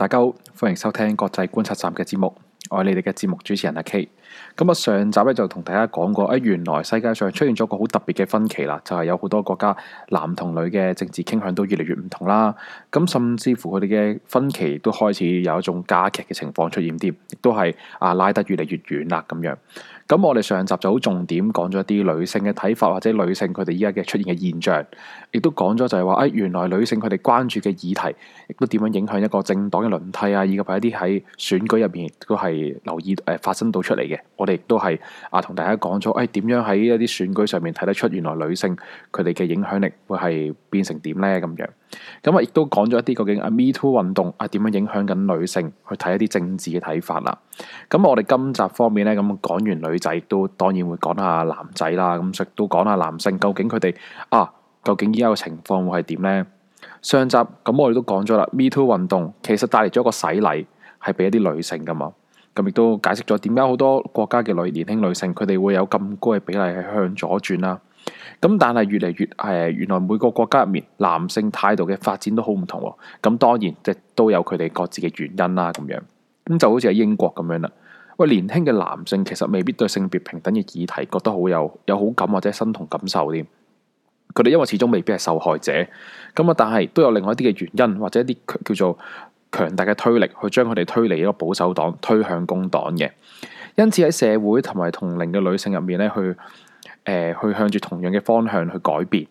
大家好，歡迎收聽國際觀察站嘅節目。我係你哋嘅節目主持人阿 K，咁啊上集咧就同大家講過，誒，原來世界上出現咗個好特別嘅分歧啦，就係有好多國家男同女嘅政治傾向都越嚟越唔同啦，咁甚至乎佢哋嘅分歧都開始有一種加劇嘅情況出現添，亦都係啊拉得越嚟越遠啦咁樣。咁我哋上集就好重點講咗一啲女性嘅睇法或者女性佢哋依家嘅出現嘅現象，亦都講咗就係話，誒，原來女性佢哋關注嘅議題，亦都點樣影響一個政黨嘅輪替啊，以及係一啲喺選舉入面亦都係。留意誒、呃，發生到出嚟嘅，我哋亦都係啊，同大家講咗，誒、哎，點樣喺一啲選舉上面睇得出，原來女性佢哋嘅影響力會係變成點咧？咁樣咁啊，亦、嗯、都講咗一啲究竟啊，Me Too 運動啊，點樣影響緊女性去睇一啲政治嘅睇法啦？咁、嗯、我哋今集方面咧，咁講完女仔，都當然會講下男仔啦，咁亦都講下男性，下男性究竟佢哋啊，究竟而家個情況會係點咧？上集咁、嗯、我哋都講咗啦，Me Too 運動其實帶嚟咗一個洗禮，係俾一啲女性㗎嘛。咁亦都解釋咗點解好多國家嘅女年輕女性佢哋會有咁高嘅比例係向左轉啦、啊。咁但係越嚟越係、呃、原來每個國家入面男性態度嘅發展都好唔同、啊。咁當然即都有佢哋各自嘅原因啦、啊。咁樣咁就好似喺英國咁樣啦、啊。喂，年輕嘅男性其實未必對性別平等嘅議題覺得好有有好感或者身同感受添、啊。佢哋因為始終未必係受害者。咁啊，但係都有另外一啲嘅原因或者一啲叫做強大嘅推力去將佢哋推離一個保守黨，推向工黨嘅。因此喺社會同埋同齡嘅女性入面咧，去誒、呃、去向住同樣嘅方向去改變。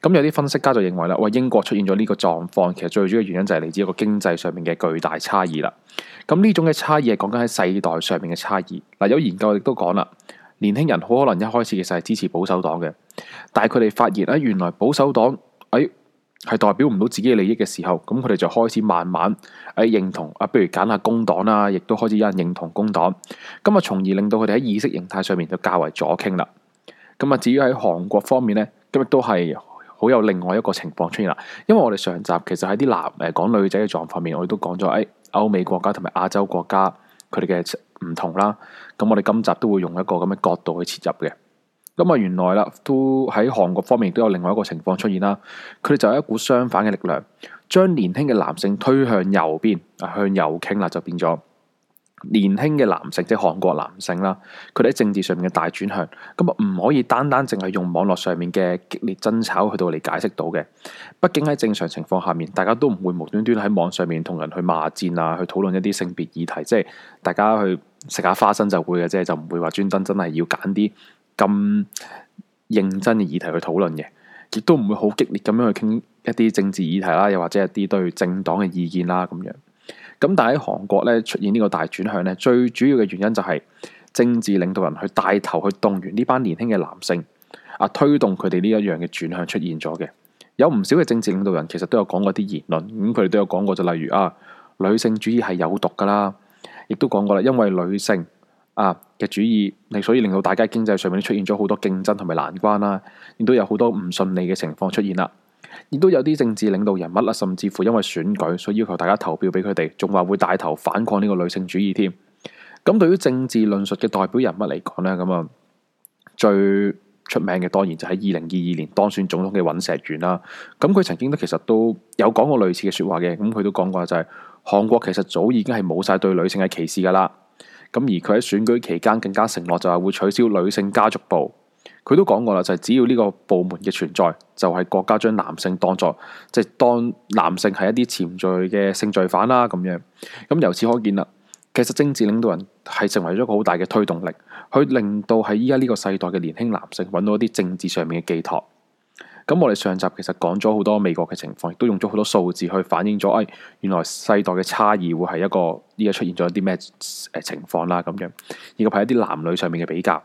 咁、嗯、有啲分析家就認為啦，喂，英國出現咗呢個狀況，其實最主要嘅原因就係嚟自一個經濟上面嘅巨大差異啦。咁、嗯、呢種嘅差異係講緊喺世代上面嘅差異。嗱、嗯、有研究亦都講啦，年輕人好可能一開始其實係支持保守黨嘅，但係佢哋發現咧、啊，原來保守黨誒。哎係代表唔到自己嘅利益嘅時候，咁佢哋就開始慢慢誒認同，啊，譬如揀下工黨啦，亦都開始有人認同工黨，咁啊，從而令到佢哋喺意識形態上面就較為左傾啦。咁啊，至於喺韓國方面咧，亦都係好有另外一個情況出現啦。因為我哋上集其實喺啲男誒講女仔嘅狀況面，我哋都講咗誒歐美國家同埋亞洲國家佢哋嘅唔同啦。咁我哋今集都會用一個咁嘅角度去切入嘅。咁啊，原來啦，都喺韓國方面都有另外一個情況出現啦。佢哋就有一股相反嘅力量，將年輕嘅男性推向右邊，啊，向右傾啦，就變咗年輕嘅男性，即係韓國男性啦。佢哋喺政治上面嘅大轉向，咁啊，唔可以單單淨係用網絡上面嘅激烈爭吵去到嚟解釋到嘅。畢竟喺正常情況下面，大家都唔會無端端喺網上面同人去罵戰啊，去討論一啲性別議題，即係大家去食下花生就會嘅啫，就唔會話專登真係要揀啲。咁認真嘅議題去討論嘅，亦都唔會好激烈咁樣去傾一啲政治議題啦，又或者一啲對政黨嘅意見啦咁樣。咁但係喺韓國咧出現呢個大轉向咧，最主要嘅原因就係政治領導人去帶頭去動員呢班年輕嘅男性啊，推動佢哋呢一樣嘅轉向出現咗嘅。有唔少嘅政治領導人其實都有講過啲言論，咁佢哋都有講過，就例如啊，女性主義係有毒㗎啦，亦都講過啦，因為女性啊。嘅主義，所以令到大家經濟上面出現咗好多競爭同埋難關啦，亦都有好多唔順利嘅情況出現啦，亦都有啲政治領導人物啦，甚至乎因為選舉，所以要求大家投票俾佢哋，仲話會帶頭反抗呢個女性主義添。咁對於政治論述嘅代表人物嚟講呢，咁啊最出名嘅當然就係二零二二年當選總統嘅尹錫悅啦。咁佢曾經都其實都有講過類似嘅說話嘅，咁佢都講過就係、是、韓國其實早已經係冇晒對女性嘅歧視噶啦。咁而佢喺選舉期間更加承諾就係會取消女性家族部，佢都講過啦，就係只要呢個部門嘅存在，就係國家將男性當作即係當男性係一啲潛在嘅性罪犯啦咁樣。咁由此可見啦，其實政治領導人係成為咗一個好大嘅推動力，去令到喺依家呢個世代嘅年輕男性揾到一啲政治上面嘅寄託。咁我哋上集其實講咗好多美國嘅情況，亦都用咗好多數字去反映咗，誒、哎、原來世代嘅差異會係一個而家出現咗啲咩誒情況啦咁樣，呢個係一啲男女上面嘅比較，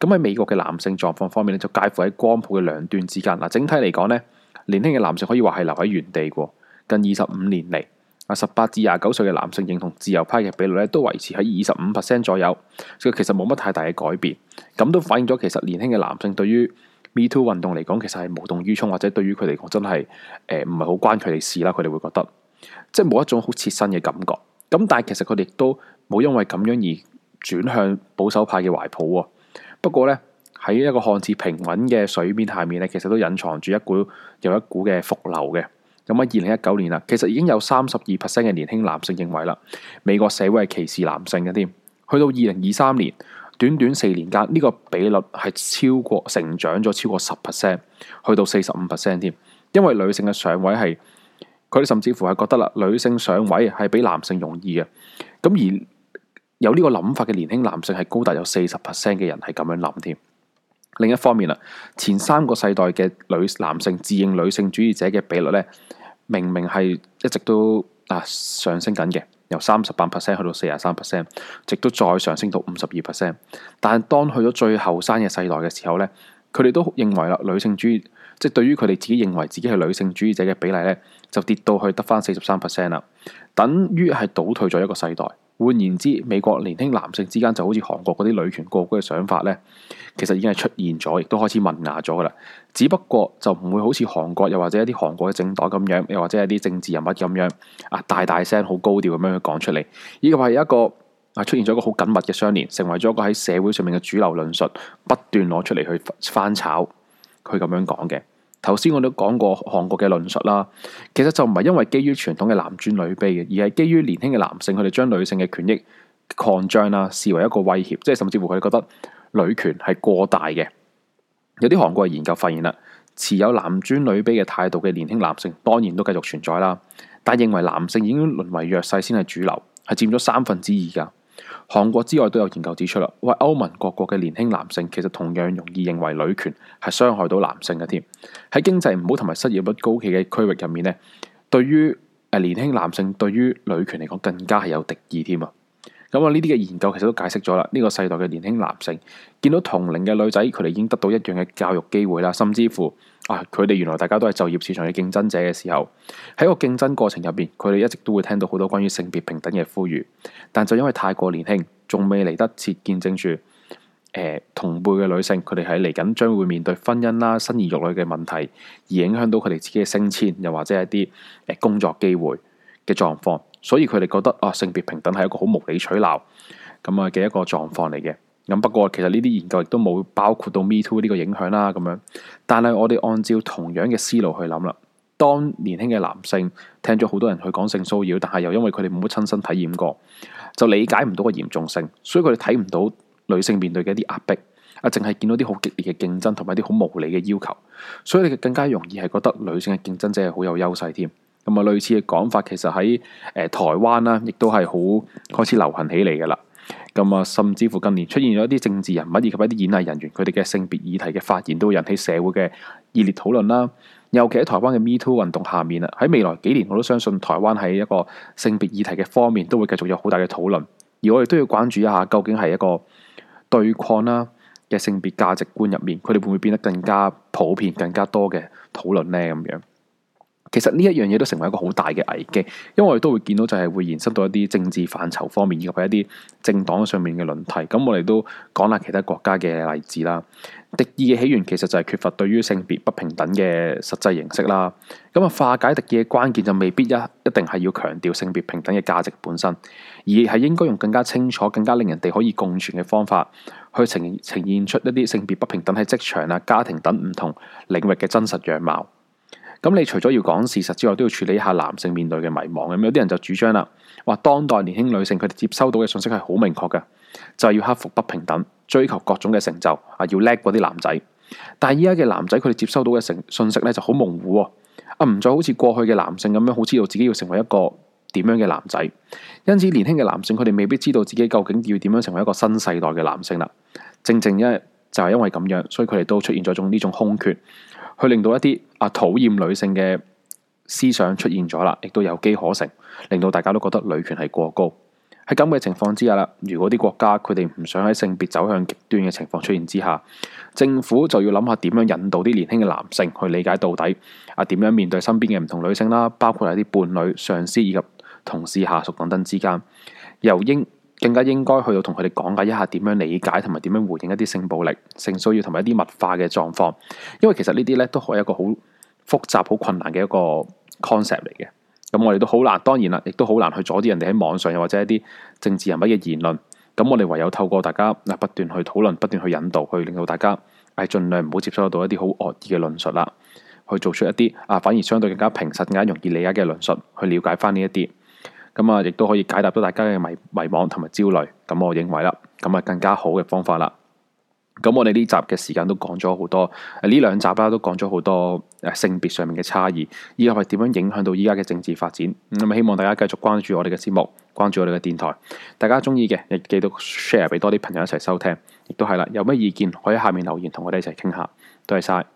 咁喺美國嘅男性狀況方面咧，就介乎喺光譜嘅兩端之間。嗱，整體嚟講咧，年輕嘅男性可以話係留喺原地，過近二十五年嚟，啊十八至廿九歲嘅男性認同自由派嘅比率咧都維持喺二十五 percent 左右，所以其實冇乜太大嘅改變，咁都反映咗其實年輕嘅男性對於 Me Too 運動嚟講，其實係無動於衷，或者對於佢嚟講真係誒唔係好關佢哋事啦。佢哋會覺得即係冇一種好切身嘅感覺。咁但係其實佢哋都冇因為咁樣而轉向保守派嘅懷抱喎。不過呢，喺一個看似平穩嘅水面下面呢，其實都隱藏住一股有一股嘅伏流嘅。咁喺二零一九年啦，其實已經有三十二 percent 嘅年輕男性認為啦，美國社會係歧視男性嘅添。去到二零二三年。短短四年間，呢個比率係超過成長咗超過十 percent，去到四十五 percent 添。因為女性嘅上位係佢哋甚至乎係覺得啦，女性上位係比男性容易嘅。咁而有呢個諗法嘅年輕男性係高達有四十 percent 嘅人係咁樣諗添。另一方面啦，前三個世代嘅女男性自認女性主義者嘅比率咧，明明係一直都啊上升緊嘅。由三十八 percent 去到四十三 percent，直到再上升到五十二 percent。但當去咗最後生嘅世代嘅時候咧，佢哋都認為啦，女性主義，即係對於佢哋自己認為自己係女性主義者嘅比例咧，就跌到去得翻四十三 percent 啦，等於係倒退咗一個世代。換言之，美國年輕男性之間就好似韓國嗰啲女權過激嘅想法呢，其實已經係出現咗，亦都開始萌芽咗噶啦。只不過就唔會好似韓國又或者一啲韓國嘅政黨咁樣，又或者一啲政治人物咁樣啊，大大聲、好高調咁樣去講出嚟。呢個係一個啊出現咗一個好緊密嘅相連，成為咗一個喺社會上面嘅主流論述，不斷攞出嚟去翻炒。佢咁樣講嘅。頭先我都講過韓國嘅論述啦，其實就唔係因為基於傳統嘅男尊女卑嘅，而係基於年輕嘅男性，佢哋將女性嘅權益擴張啦，視為一個威脅，即係甚至乎佢哋覺得女權係過大嘅。有啲韓國嘅研究發現啦，持有男尊女卑嘅態度嘅年輕男性當然都繼續存在啦，但係認為男性已經淪為弱勢先係主流，係佔咗三分之二㗎。韓國之外都有研究指出啦，喂，歐盟各國嘅年輕男性其實同樣容易認為女權係傷害到男性嘅添，喺經濟唔好同埋失業率高企嘅區域入面咧，對於誒、呃、年輕男性對於女權嚟講更加係有敵意添啊！咁啊呢啲嘅研究其實都解釋咗啦，呢個世代嘅年輕男性見到同齡嘅女仔，佢哋已經得到一樣嘅教育機會啦，甚至乎。啊！佢哋原來大家都係就業市場嘅競爭者嘅時候，喺個競爭過程入邊，佢哋一直都會聽到好多關於性別平等嘅呼籲，但就因為太過年輕，仲未嚟得切見證住，誒、呃，同輩嘅女性佢哋喺嚟緊將會面對婚姻啦、生兒育女嘅問題，而影響到佢哋自己嘅升遷，又或者一啲誒工作機會嘅狀況，所以佢哋覺得啊，性別平等係一個好無理取鬧咁啊嘅一個狀況嚟嘅。咁不過其實呢啲研究亦都冇包括到 Me Too 呢個影響啦，咁樣。但係我哋按照同樣嘅思路去諗啦，當年輕嘅男性聽咗好多人去講性騷擾，但係又因為佢哋唔會親身體驗過，就理解唔到個嚴重性，所以佢哋睇唔到女性面對嘅一啲壓迫，啊，淨係見到啲好激烈嘅競爭同埋啲好無理嘅要求，所以你更加容易係覺得女性嘅競爭者係好有優勢添。咁啊類似嘅講法，其實喺誒、呃、台灣啦，亦都係好開始流行起嚟噶啦。咁啊，甚至乎近年出現咗一啲政治人物以及一啲演藝人員，佢哋嘅性別議題嘅發言都會引起社會嘅熱烈討論啦。尤其喺台灣嘅 MeToo 運動下面啦，喺未來幾年我都相信台灣喺一個性別議題嘅方面都會繼續有好大嘅討論，而我哋都要關注一下究竟係一個對抗啦嘅性別價值觀入面，佢哋會唔會變得更加普遍、更加多嘅討論呢？咁樣。其實呢一樣嘢都成為一個好大嘅危機，因為我哋都會見到就係會延伸到一啲政治範疇方面，以及一啲政黨上面嘅論題。咁我哋都講下其他國家嘅例子啦。敵意嘅起源其實就係缺乏對於性別不平等嘅實際形式啦。咁啊，化解敵意嘅關鍵就未必一一定係要強調性別平等嘅價值本身，而係應該用更加清楚、更加令人哋可以共存嘅方法去呈呈現出一啲性別不平等喺職場啊、家庭等唔同領域嘅真實樣貌。咁你除咗要講事實之外，都要處理一下男性面對嘅迷茫咁。有啲人就主張啦，話當代年輕女性佢哋接收到嘅信息係好明確嘅，就係要克服不平等，追求各種嘅成就，啊要叻過啲男仔。但係依家嘅男仔佢哋接收到嘅成信息咧就好模糊喎，啊唔再好似過去嘅男性咁樣，好知道自己要成為一個點樣嘅男仔。因此年輕嘅男性佢哋未必知道自己究竟要點樣成為一個新世代嘅男性啦。正正因為就係因為咁樣，所以佢哋都出現咗種呢種空缺。去令到一啲啊討厭女性嘅思想出現咗啦，亦都有機可乘，令到大家都覺得女權係過高。喺咁嘅情況之下啦，如果啲國家佢哋唔想喺性別走向極端嘅情況出現之下，政府就要諗下點樣引導啲年輕嘅男性去理解到底啊點樣面對身邊嘅唔同女性啦，包括係啲伴侶、上司以及同事、下屬等等之間，又應，更加應該去到同佢哋講解一下點樣理解同埋點樣回應一啲性暴力、性騷擾，同埋一啲物化嘅狀況，因為其實呢啲咧都係一個好複雜、好困難嘅一個 concept 嚟嘅。咁我哋都好難，當然啦，亦都好難去阻止人哋喺網上又或者一啲政治人物嘅言論。咁我哋唯有透過大家啊不斷去討論、不斷去引導，去令到大家誒盡量唔好接收到一啲好惡意嘅論述啦，去做出一啲啊反而相對更加平實、更加容易理解嘅論述，去了解翻呢一啲。咁啊，亦都、嗯、可以解答到大家嘅迷迷惘同埋焦慮。咁、嗯、我認為啦，咁、嗯、啊更加好嘅方法啦。咁、嗯、我哋呢集嘅時間都講咗好多，呢、啊、兩集啦都講咗好多誒、啊、性別上面嘅差異，以後係點樣影響到依家嘅政治發展，咁、嗯嗯、希望大家繼續關注我哋嘅節目，關注我哋嘅電台。大家中意嘅，亦記得 share 俾多啲朋友一齊收聽。亦都係啦，有咩意見可以下面留言同我哋一齊傾下。多謝晒。